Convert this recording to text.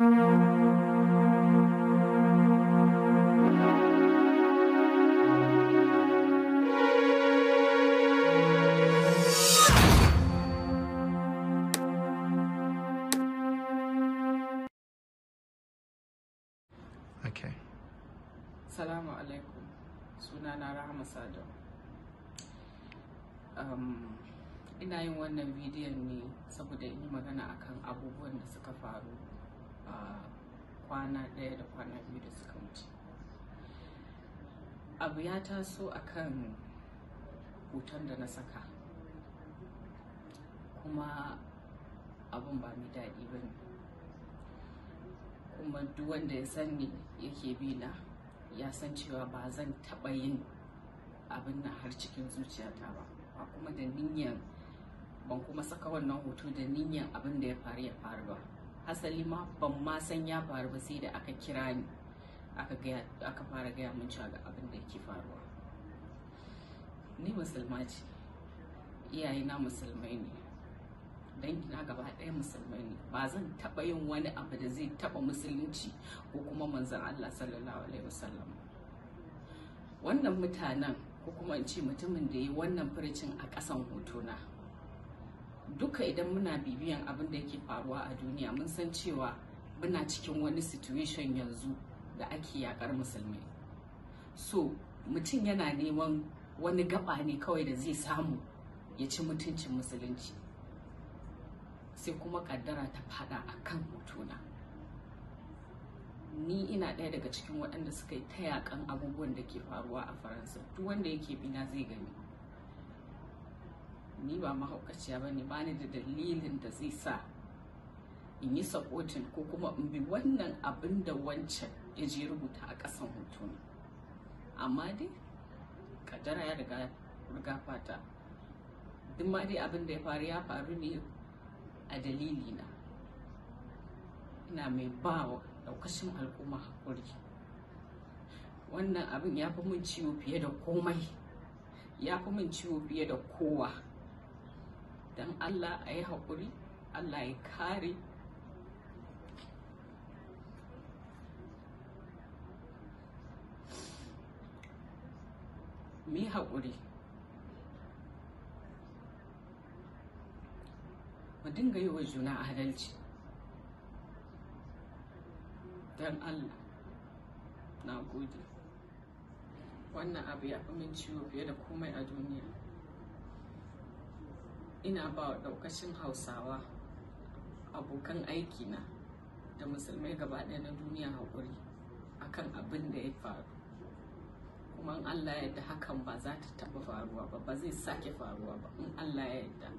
Okay. Salamu alaikum. Sunana Rahama Sadau. Um, ina yin wannan bidiyon ne saboda in yi magana akan abubuwan da suka faru a kwana ɗaya da kwana biyu da suka wuce abu ya taso a kan hoton da na saka kuma abun ba mai daɗi ba ne kuma duk wanda ya san ni yake bi na ya san cewa ba zan taɓa yin abin na har cikin zuciyata ba ba kuma da niyyar ban kuma saka wannan hoto da niyyar abin da ya faru ya faru ba Asali ma ban ma san ya faru ba sai da aka kira ni aka fara gaya mun cewa abin da yake faruwa ni musulma ce Iyaye na musulmai ne na gaba ɗaya musulmai ne ba zan taɓa yin wani abu da zai taɓa musulunci ko kuma manzon Allah sallallahu alaihi wasallam wannan mutanen ko kuma in ce mutumin da ya yi wannan furcin a ƙasan hotona. duka idan muna bibiyan abin da yake faruwa a duniya mun san cewa muna cikin wani situation yanzu da ake yakar musulmi so mutum yana neman wani gaba ne kawai da zai samu ya ci mutuncin musulunci sai kuma kaddara ta fada a kan hotuna ni ina ɗaya daga cikin waɗanda suka yi ta yakan abubuwan da ke faruwa a faransa duk wanda yake bina zai gani ni ba mahaukaciya ba ne bani da dalilin da zai sa in yi supporting ko kuma in bi wannan abin da wancan ya je rubuta a ƙasan hoto amma dai kadara ya riga riga fata duk ma dai abin da ya faru ya faru ne a dalili na ina mai bawa daukashin al'umma hakuri wannan abin ya fi mun ciwo fiye da komai ya fi mun ciwo fiye da kowa don allah a yi haƙuri allah ya kare mi haƙuri mu dinga yi wa juna adalci don allah na gode wannan abu ya fi min ciwo fiye da komai a duniya ina ba wa daukashin hausawa abokan aiki na da musulmai gaba ɗaya na duniya haƙuri akan abin da ya faru kuma in allah ya hakan ba za ta taɓa faruwa ba ba zai sake faruwa ba in allah ya yadda.